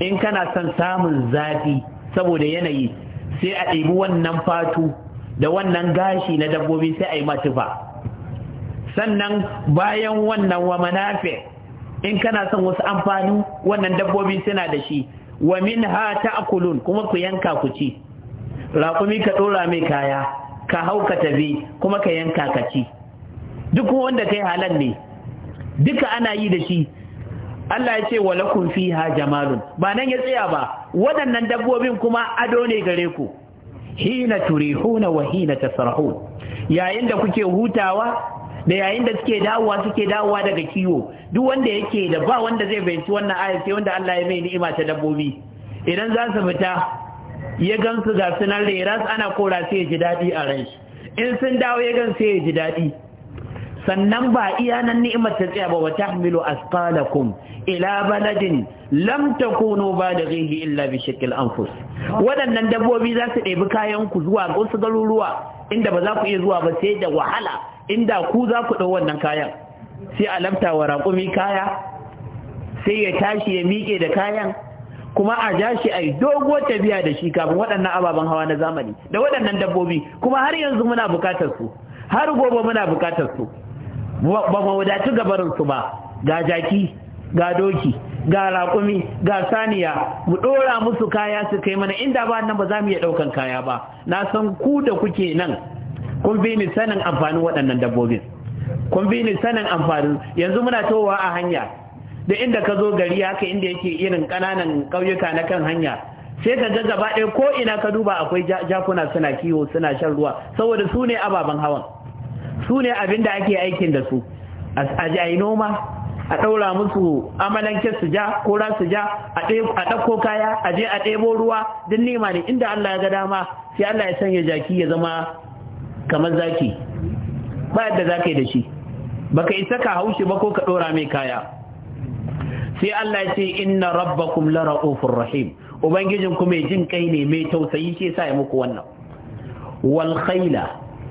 in kana son samun zafi saboda yanayi sai a ɗibi wannan fatu da wannan gashi na dabbobi sai a yi matufa sannan bayan wannan wa manafe in kana son wasu amfani wannan dabbobi suna da shi wa min ha ta akulun kuma ku yanka ku ci raƙumi ka ɗora mai kaya ka hau ka tafi kuma ka yanka ka ci duk wanda kai halar ne duka ana yi da shi Allah ya ce wa lakum fiha jamalun ba nan ya tsaya ba waɗannan dabbobin kuma ado ne gare ku hina turihuna wa hina tasrahu yayin da kuke hutawa da yayin da suke dawowa suke dawowa daga kiwo duk wanda yake da ba wanda zai bayanci wannan aya sai wanda Allah ya mai ni'ima ta dabbobi idan za su fita ya gansu ga sunan rera ana kora sai ya ji daɗi a ran in sun dawo ya gansu sai ya ji daɗi sannan ba iya nan ni'imar ta tsaya ba wa tahmilu asqalakum ila baladin lam takunu balighihi illa bi shakil anfus waɗannan dabbobi za su ɗebi kayan ku zuwa ga wasu garuruwa inda ba za ku iya zuwa ba sai da wahala inda ku za ku ɗau wannan kayan sai a lamta wa raƙumi kaya sai ya tashi ya miƙe da kayan kuma a ja shi a yi dogo tafiya da shi kafin waɗannan ababen hawa na zamani da waɗannan dabbobi kuma har yanzu muna bukatar su har gobe muna buƙatar su ba mu wadatu gabarinsu ba ga jaki ga doki ga raƙumi ga saniya mu ɗora musu kaya su kai mana inda ba nan ba za mu iya ɗaukan kaya ba na san ku da kuke nan kun bi ni sanin amfanin waɗannan dabbobin kun bi ni sanin amfanin yanzu muna towa a hanya da inda ka zo gari haka inda yake irin ƙananan ƙauyuka na kan hanya sai ka ga gaba ɗaya ko ina ka duba akwai jakuna suna kiwo suna shan ruwa saboda su ne ababen hawan su ne abin da ake aikin da su a jayi noma a ɗaura musu amalanke su ja ko ran su ja a ɗauko kaya a je a ɗebo ruwa don nema ne inda Allah ya ga dama sai Allah ya sanya jaki ya zama kamar zaki ba yadda za ka yi da shi Ba ka isa ka haushi ba ko ka ɗora mai kaya sai Allah ya ce inna rabbakum la ra'ufur rahim ubangijin ku mai jin kai ne mai tausayi shi sa ya muku wannan wal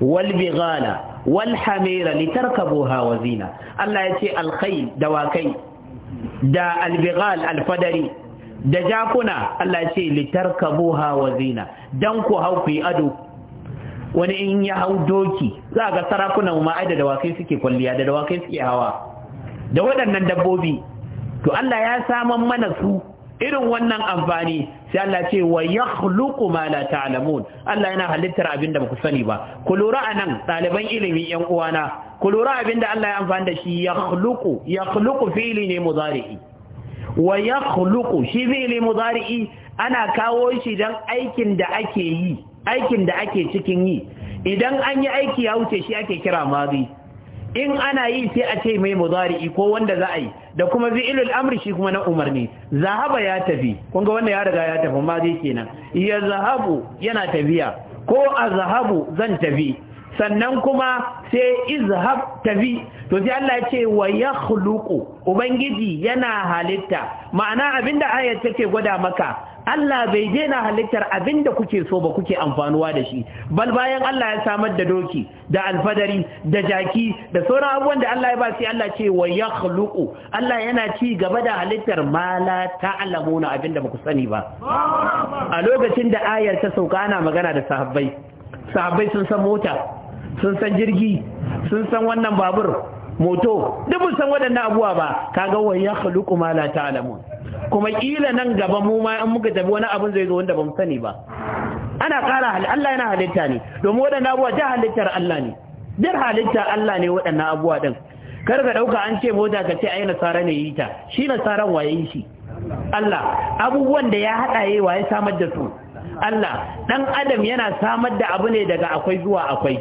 walbigala wal hamira litarkabuha wa zina Allah ya ce alkhayl dawakai da albigal alfadari da jakuna Allah ya ce litarkabuha wa dan ku hau ado wani in ya hau doki za ga sarakuna ma ai da dawakai suke kwalliya da dawakai suke hawa da waɗannan dabbobi to Allah ya saman mana su irin wannan amfani sai Allah ce wa yakhluqu ma la ta'lamun Allah yana halittar abin da baku sani ba ku lura anan ɗaliban ilimin yan uwana ku lura abin da Allah ya amfani da shi yakhluqu yakhluqu fi'li ne mudari'i wa yakhluqu shi fi'li mudari'i ana kawo shi dan aikin da ake yi aikin da ake cikin yi idan an yi aiki ya wuce shi ake kira madi in ana yi sai a ce mai muzari'i ko wanda za a yi da kuma fi'ilul amri shi kuma na umarni zahaba ya tafi kunga wanda ya riga ya tafi ma zai kenan ya zahabu yana tafiya ko a zahabu zan tafi sannan kuma sai izhab tafi to sai Allah ya ce wa yakhluqu ubangiji yana halitta ma'ana abinda ayat take gwada maka Allah bai daina halittar abin da kuke so ba kuke amfanuwa da shi bal bayan Allah ya samar da doki da alfadari da jaki da sauran abubuwan da Allah ya ba sai Allah ce wa yakhluqu Allah yana ci gaba da halittar ma la ta'lamuna abin da ku sani ba a lokacin da ayar ta sauka ana magana da sahabbai sahabbai sun san mota sun san jirgi sun san wannan babur moto duk san waɗannan abubuwa ba kaga wa yakhluqu ma la ta'lamun kuma kila nan gaba mu ma an muka tafi wani abin zai zo wanda ba mu sani ba ana ƙara Allah yana halitta ne domin waɗannan abubuwa da halittar Allah ne duk halittar Allah ne waɗannan abubuwa ɗin kar ka ɗauka an ce mota ka ce ai nasara ne yi ta shi nasaran waye shi Allah abubuwan da ya haɗa yi waye samar da su Allah ɗan adam yana samar da abu ne daga akwai zuwa akwai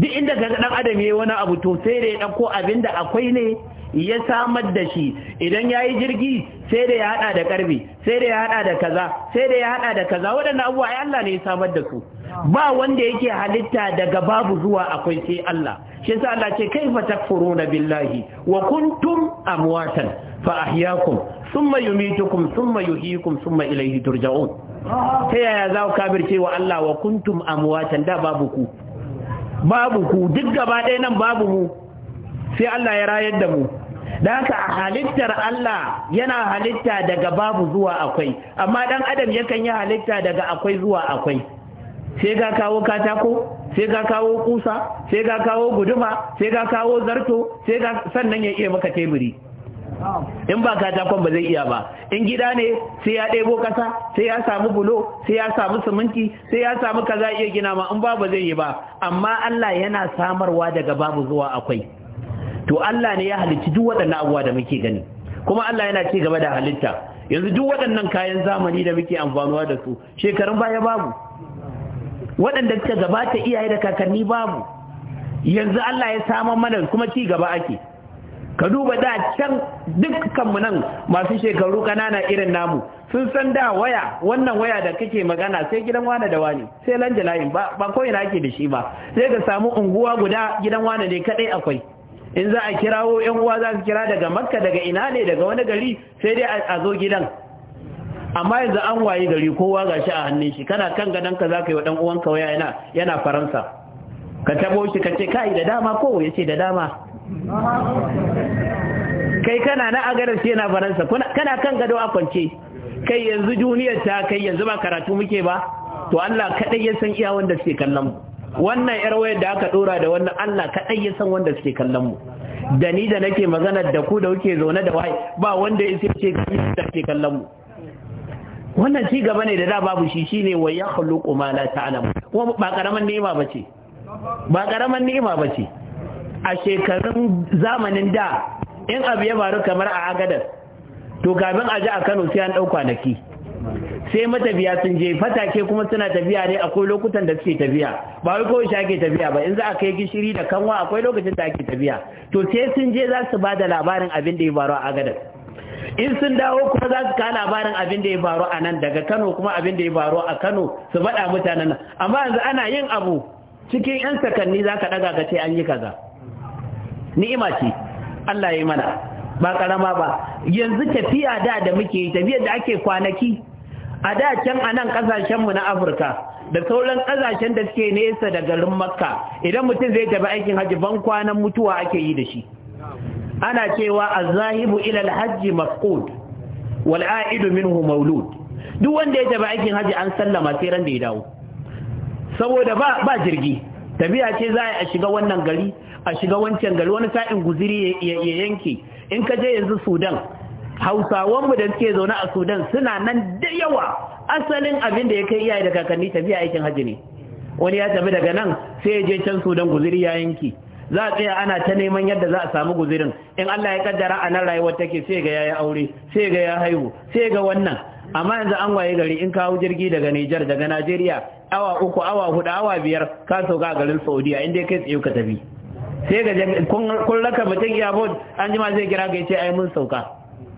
duk inda ga dan adam yayi wani abu to sai da ya dauko abinda akwai ne ya samar da shi idan yayi jirgi sai da ya hada da karbi sai da ya hada da kaza sai da ya hada da kaza waɗannan abubuwa ai Allah ne ya samar da su ba wanda yake halitta daga babu zuwa akwai sai Allah shi yasa Allah ce kaifa takfuruna billahi wa kuntum amwatan fa ahyaakum thumma yumitukum thumma yuhyikum thumma ilayhi turja'un ta yaya za ku kafirce wa Allah wa kuntum amwatan da babu ku babu ku duk gaba ɗaya nan babu mu sai Allah ya rayar da mu da haka a halittar Allah yana halitta daga babu zuwa akwai amma dan adam yakan yi halitta daga akwai zuwa akwai sai ga kawo katako sai ga kawo kusa sai ga kawo guduma sai ga kawo zarto sai ga sannan ya iya maka teburi in ba katakon ba zai iya ba in gida ne sai ya ɗebo ƙasa sai ya samu bulo sai ya samu siminti sai ya samu kaza iya gina ma in ba ba zai yi ba amma Allah yana samarwa daga babu zuwa akwai to Allah ne ya halicci duk waɗannan abubuwa da muke gani kuma Allah yana ci gaba da halitta yanzu duk waɗannan kayan zamani da muke amfanuwa da su shekarun baya babu waɗanda suka gabata iyaye da kakanni babu yanzu Allah ya samar mana kuma ci gaba ake ka duba da can dukkanmu nan masu shekaru kanana irin namu sun san da waya wannan waya da kake magana sai gidan wane da wane sai lanja layin ba ko ina ake da shi ba sai ka samu unguwa guda gidan wane ne kadai akwai in za a kirawo yan uwa za su kira daga makka daga ina ne daga wani gari sai dai a zo gidan amma yanzu an wayi gari kowa gashi a hannun shi kana kan gadon ka zaka yi wa dan uwanka waya yana faransa ka tabo shi ka ce kai da dama ko ya ce da dama kai kana na agarar ce na faransa kana kan gado a kwance kai yanzu duniyar ta kai yanzu ba karatu muke ba to Allah kaɗai ya san iya wanda suke kallon mu wannan yar wayar da aka ɗora da wannan Allah kaɗai ya san wanda suke kallon mu da ni da nake magana da ku da kuke zaune da wai ba wanda ya ce da ke kallon mu wannan ci gaba ne da da babu shi shine wa yakhluqu ma la ta'lamu ba karaman ni'ima bace ba karaman ni'ima bace a shekarun zamanin da in abu ya faru kamar a agadar to kafin a ji a kano sai an ɗau kwanaki sai matafiya sun je fatake kuma suna tafiya ne akwai lokutan da suke tafiya ba wai kawai shi ake tafiya ba in za a kai gishiri da kanwa akwai lokacin da ake tafiya to sai sun je za su ba da labarin abin da ya faru a agadar in sun dawo kuma za su kawo labarin abin da ya faru a nan daga kano kuma abin da ya faru a kano su faɗa mutanen nan amma yanzu ana yin abu cikin 'yan sakanni za ka ɗaga ka ce an yi kaza ni'ima ce Allah ya yi mana ba karama ba yanzu tafiya da da muke yi tafiyar da ake kwanaki a da can a nan ƙasashenmu na afirka da sauran ƙasashen da suke nesa da garin makka idan mutum zai tafi aikin hajji ban kwanan mutuwa ake yi da shi ana cewa zahibu ilal hajji mafqud wal a'idu minhu maulud duk wanda ya tafi aikin hajji an sallama sai ran da ya dawo saboda ba ba jirgi tafiya ce za a shiga wannan gari a shiga wancan gari wani sa'in guziri ya yanke in ka je yanzu sudan hausawanmu da suke zaune a sudan suna nan da yawa asalin abin da ya kai iyaye da kakanni tafiya aikin hajji ne wani ya tafi daga nan sai ya je can sudan guziri ya yanke za a tsaya ana ta neman yadda za a samu guzirin in allah ya kaddara a nan rayuwar take sai ga ya yi aure sai ga ya haihu sai ga wannan amma yanzu an waye gari in kawo jirgi daga Nijar daga Najeriya awa uku awa hudu awa biyar ka sauka a garin Saudiya inda kai tsaye ka tafi sai ga kun raka mutum ya bod an jima zai kira ka yace ai mun sauka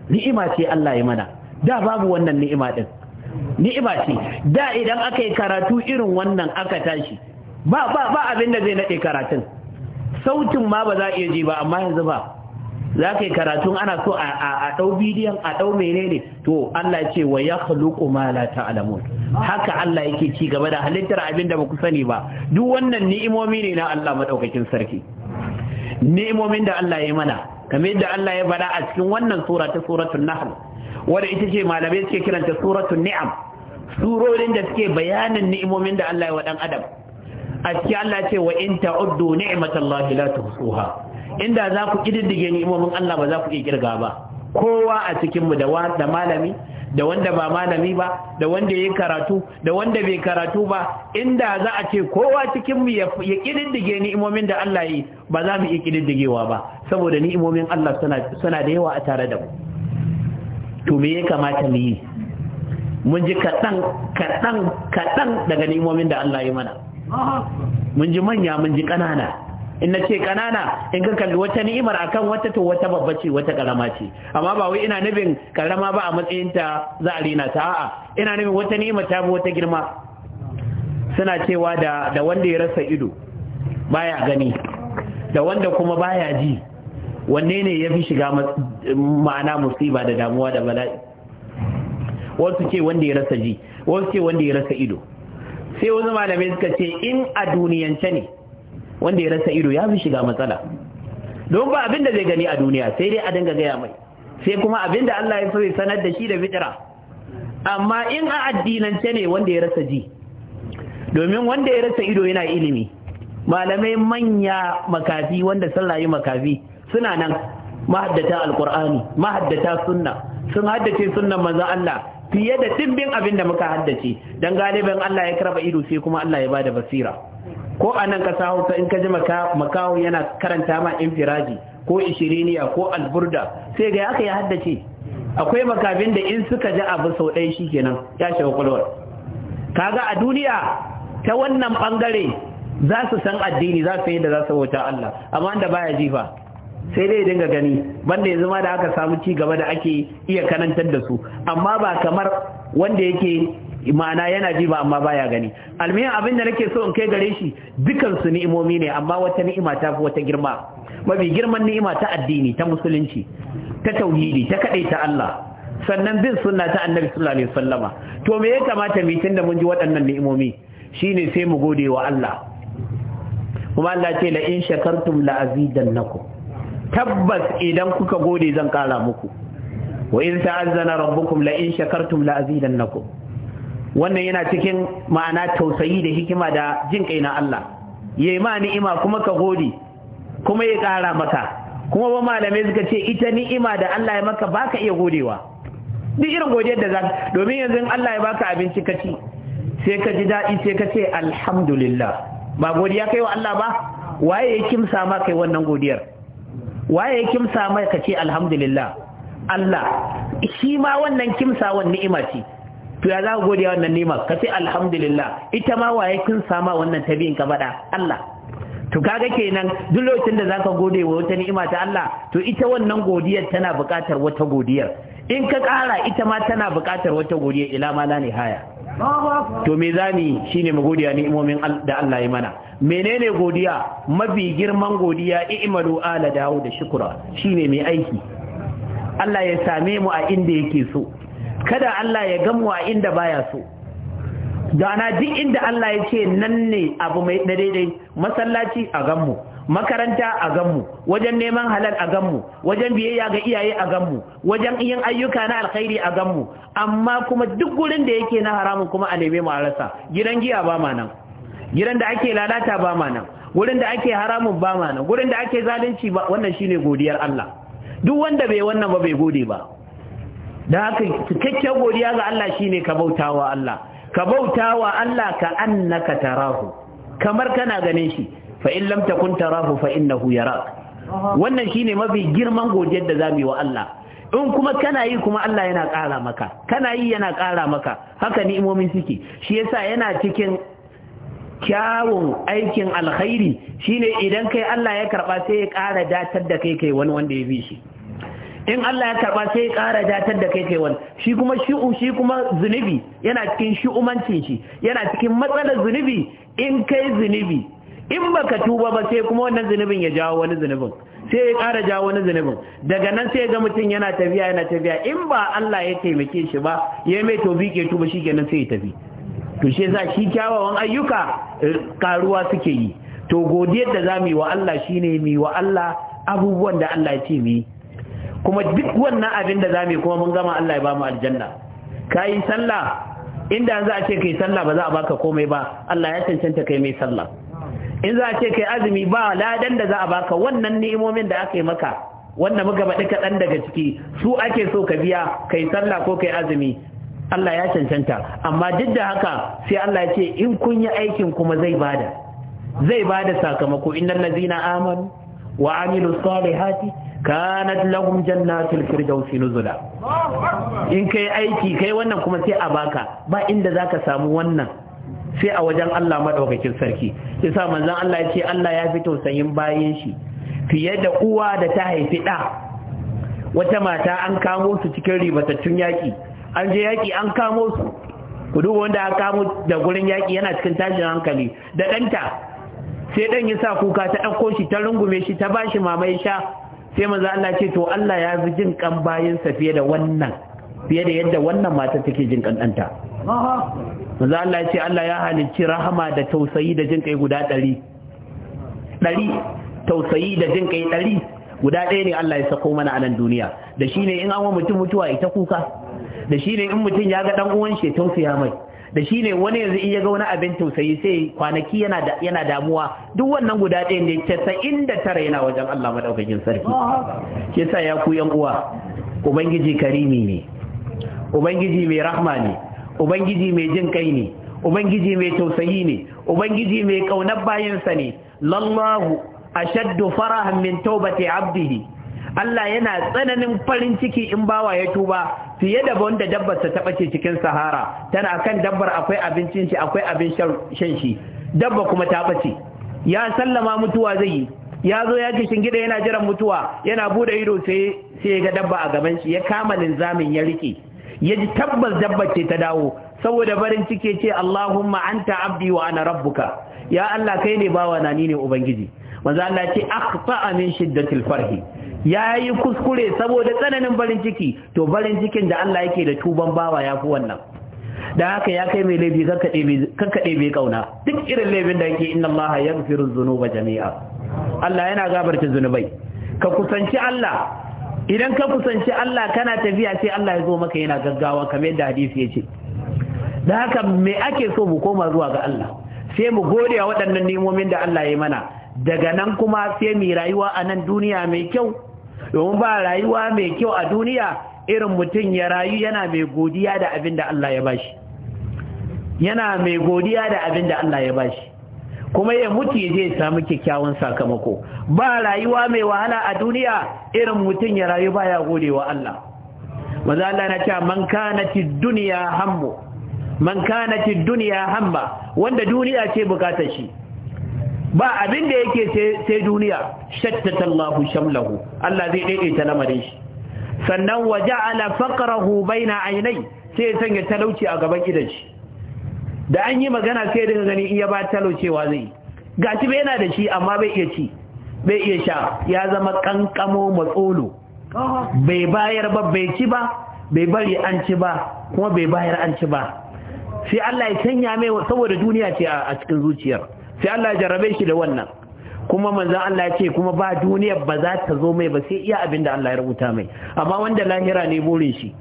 ni'ima ce Allah ya mana da babu wannan ni'ima din ni'ima ce da idan aka yi karatu irin wannan aka tashi ba ba ba abin da zai nade karatun sautin ma ba za a iya ji ba amma yanzu ba za ka yi karatun ana so a ɗau bidiyon a ɗau menene to Allah ce wa ya haluku ma la ta'alamun. haka Allah yake ci gaba da halittar abin da ba ku sani ba duk wannan ni'imomi ne na Allah maɗaukakin sarki ni'imomin da Allah ya mana kamar yadda Allah ya faɗa a cikin wannan sura ta suratul nahl wanda ita ce malamai suke kiranta suratul ni'am surorin da suke bayanin ni'imomin da Allah ya wa dan adam a ciki Allah ce wa in ta'uddu ni'matallahi la tuhsuha inda za ku kididdige ni'imomin Allah ba za ku iya kirga ba kowa a cikin mu da wanda malami da wanda ba malami ba da wanda yayi karatu da wanda bai karatu ba inda za a ce kowa cikin mu ya kididdige ni'imomin da Allah yi ba za mu iya kididdigewa ba saboda ni'imomin Allah suna suna da yawa a tare da mu to me ya kamata mu yi mun ji kaɗan kaɗan kaɗan daga ni'imomin da Allah ya mana mun ji manya mun ji ƙanana in na ce ƙanana in ka kalli wata ni'imar akan wata to wata babba ce wata ƙarama ce amma ba wai ina nufin ƙarama ba a matsayinta za a rina ta a'a ina nufin wata ni'imar ta bi wata girma suna cewa da da wanda ya rasa ido baya gani da wanda kuma baya ji wanne ne ya fi shiga ma'ana musiba da damuwa da bala'i wasu ce wanda ya rasa ji wasu ce wanda ya rasa ido sai wasu malami suka ce in a duniyance ne wanda ya rasa ido ya fi shiga matsala don ba abin da zai gani a duniya sai dai a dinga gaya mai sai kuma abin da Allah ya so ya sanar da shi da fitira amma in a addinance ne wanda ya rasa ji domin wanda ya rasa ido yana ilimi malamai manya makafi wanda sallayi makafi suna nan mahaddata alkur'ani mahaddata sunna sun haddace sunnan manzo Allah fiye da dimbin abin da muka haddace dan galibin Allah ya karba ido sai kuma Allah ya bada basira ko a nan kasa hausa in ka ji makaho yana karanta ma infiraji ko ishiriniya ko alburda sai ga aka ya haddace akwai makabin da in suka ji abu sau ɗaya shi kenan, ya shi kwalwar kaga a duniya ta wannan bangare za su san addini za su yi da za su wuta Allah amma da baya jifa sai dai dinga gani banda yanzu ma da aka samu ci gaba da ake iya kanantar da su amma ba kamar wanda yake ma'ana yana ji ba amma baya gani almiyan abin da nake so in kai gare shi dukan su ni'imomi ne amma wata ni'ima ta fi wata girma mafi girman ni'ima ta addini ta musulunci ta tauhidi ta kadai ta Allah sannan bin sunna ta annabi sallallahu alaihi wasallama to me ya kamata mu tunda mun ji waɗannan ni'imomi shine sai mu gode wa Allah kuma Allah ce la in shakartum la azidannakum tabbas idan kuka gode zan kara muku wa in ta'azzana rabbukum la in shakartum la azidannakum wannan yana cikin ma'ana tausayi da hikima da jin kai na Allah yayi ma ni'ima kuma ka gode kuma ya kara maka kuma ba malamai suka ce ita ni'ima da Allah ya maka baka iya godewa duk irin godiyar da zaka domin yanzu Allah ya baka abinci ka ci sai ka ji daɗi sai ka ce alhamdulillah ba godiya kai wa Allah ba waye ya kimsa maka kai wannan godiyar waye ya kimsa mai ka ce alhamdulillah Allah shi ma wannan kimsawan ni'ima ce to ya za ka godiya wannan ni'ima ka ce alhamdulillah ita ma waye kimsa ma wannan tabi'in ka faɗa Allah to kaga kenan duk lokacin da zaka gode wa wata ni'ima ta Allah to ita wannan godiyar tana buƙatar wata godiyar in ka ƙara ita ma tana buƙatar wata godiya ila ma la nihaya to me zani shine mu godiya imomin da Allah ya mana menene godiya mafi girman godiya i'malu ala dawo da shukura shine mai aiki Allah ya same mu a inda yake so kada Allah ya gamu a inda baya so da na duk inda Allah ya ce nan ne abu mai daidai masallaci a ganmu makaranta a ganmu wajen neman halal a ganmu wajen biyayya ga iyaye a ganmu wajen yin ayyuka na alkhairi a ganmu amma kuma duk gurin da yake na haramun kuma a neme mu a rasa gidan giya ba ma nan gidan da ake lalata ba ma nan gurin da ake haramun ba ma nan gurin da ake zalunci ba wannan shine godiyar Allah duk wanda bai wannan ba bai gode ba da haka cikakken godiya ga Allah shine ka bautawa Allah ka bautawa Allah ka annaka tarahu kamar kana ganin shi fa in lam takun tarahu fa innahu yara wannan shine mafi girman godiyar da zamu yi wa Allah in kuma kana yi kuma Allah yana ƙara maka kana yi yana ƙara maka haka ni'imomin suke shi yasa yana cikin kyawun aikin alkhairi shine idan kai Allah ya karba sai ya ƙara datar da kai kai wani wanda ya bi shi in Allah ya karba sai ya ƙara datar da kai kai wani shi kuma shi'u shi kuma zunubi yana cikin shi'umancin shi yana cikin matsalar zunubi in kai zunubi in baka tuba ba sai kuma wannan zunubin ya jawo wani zunubin sai ya ƙara jawo wani zunubin daga nan sai ga mutum yana tafiya yana tafiya in ba Allah ya taimake shi ba ya mai tobi ke tuba shi sai ya tafi to shi yasa shi kyawawan ayyuka karuwa eh, suke yi to godiyar da zamu yi wa Allah shine mu wa Allah abubuwan da Allah ya ce mu yi kuma duk wannan abin da zamu yi kuma mun gama Allah ya bamu aljanna kai sallah inda yanzu a ce kai sallah ba za a baka komai ba Allah ya cancanta kai mai sallah in za a ce kai azumi ba ladan da za a baka wannan ni'imomin da aka yi maka wanda muka baɗi kaɗan daga ciki su ake so ka biya kai sallah ko kai azumi Allah ya cancanta amma duk da haka sai Allah ya ce in kun yi aikin kuma zai bada zai bada sakamako innal ladzina amanu wa amilu salihati kanat lahum jannatul firdausi nuzula in kai aiki kai wannan kuma sai a baka ba inda zaka samu wannan sai a wajen Allah maɗaukakin sarki yasa manzon Allah yace ce Allah ya fi tausayin bayan shi fiye da uwa da ta haifi ɗa wata mata an kamo su cikin ribatattun yaƙi an je yaƙi an kamo su ku duba wanda aka kamo da gurin yaƙi yana cikin tashin hankali da ɗanta sai ɗan ya sa kuka ta ɗauko shi ta rungume shi ta bashi mamai sha sai maza Allah ce to Allah ya fi jin kan bayansa fiye da wannan fiye da yadda wannan mata take jin kan ɗanta manzo Allah ya ce Allah ya halicci rahama da tausayi da jin kai guda ɗari ɗari tausayi da jin kai ɗari guda ɗaya ne Allah ya sako mana a nan duniya da shi ne in an wa mutum mutuwa ita kuka da shi ne in mutum ya ga ɗan uwan shi tausaya mai da shi ne wani yanzu in ya ga wani abin tausayi sai kwanaki yana damuwa duk wannan guda ɗaya ne casa'in da tara yana wajen Allah maɗaukakin sarki ke sa ya ku yan uwa ubangiji karimi ne ubangiji mai rahma ne ubangiji mai jin kai ne ubangiji mai tausayi ne ubangiji mai ƙaunar bayansa ne lallahu ashaddu farahan min taubati abdihi Allah yana tsananin farin ciki in bawa ya tuba fiye da wanda dabbar ta ce cikin sahara tana kan dabbar akwai abincin shi akwai abin shan shi dabba kuma ta bace ya sallama mutuwa zai yi ya zo ya kishin gida yana jiran mutuwa yana bude ido sai sai ya ga dabba a gaban shi ya kama linzamin ya rike ya ji tabbas dabbar ce ta dawo saboda barin cike ce Allahumma anta abdi wa ana rabbuka ya Allah kai ne bawa na ni ne ubangiji manzo Allah ce akhta min shiddatil farhi yayi kuskure saboda tsananin barin ciki to barin cikin da Allah yake da tuban bawa ya fi wannan da haka ya kai mai laifi kakkaɗe bai kauna duk irin laifin da yake inna Allah ya gafiru zunuba jami'a Allah yana gabarta zunubai ka kusanci Allah idan ka kusanci Allah kana tafiya sai Allah ya zo maka yana gaggawa kamar yadda hadisi ya ce da haka me ake so mu koma zuwa ga Allah sai mu gode wa waɗannan nemomin da Allah ya mana daga nan kuma sai mu rayuwa a nan duniya mai kyau domin ba rayuwa mai kyau a duniya irin mutum ya rayu yana mai godiya da abin da Allah ya bashi yana mai godiya da abin da Allah ya bashi kuma ya mutu ya je ya samu kyakkyawan sakamako ba rayuwa mai wahala a duniya irin mutum ya rayu baya gode wa Allah maza Allah na cewa man kanati duniya hammu man kanati duniya hamma wanda duniya ce bukatar shi ba abin da yake sai duniya shattata Allahu shamlahu Allah zai daidaita lamarin shi sannan waja'ala faqrahu baina aynai sai ya sanya talauci a gaban idan shi da an yi magana sai daga gani iya ba talo cewa zai gashi bai yana da shi amma bai iya ci bai iya sha ya zama kankamo matsolo bai bayar ba bai ci ba bai bari an ci ba kuma bai bayar an ci ba sai Allah ya sanya mai saboda duniya ce a cikin zuciyar sai Allah ya jarrabe shi da wannan kuma manzon Allah ya ce kuma ba duniya ba za ta zo mai ba sai iya abinda da Allah ya rubuta mai amma wanda lahira ne burin shi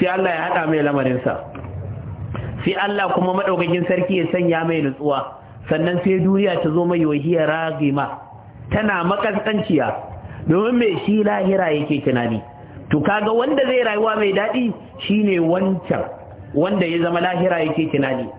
sai Allah ya haɗa mai lamarinsa sai Allah kuma madaukakin sarki ya sanya mai nutsuwa sannan sai duniya ta zo mai wahiya ragima tana maƙansanciya domin mai shi lahira yake tunani to kaga wanda zai rayuwa mai daɗi shine wancan wanda ya zama lahira yake tunani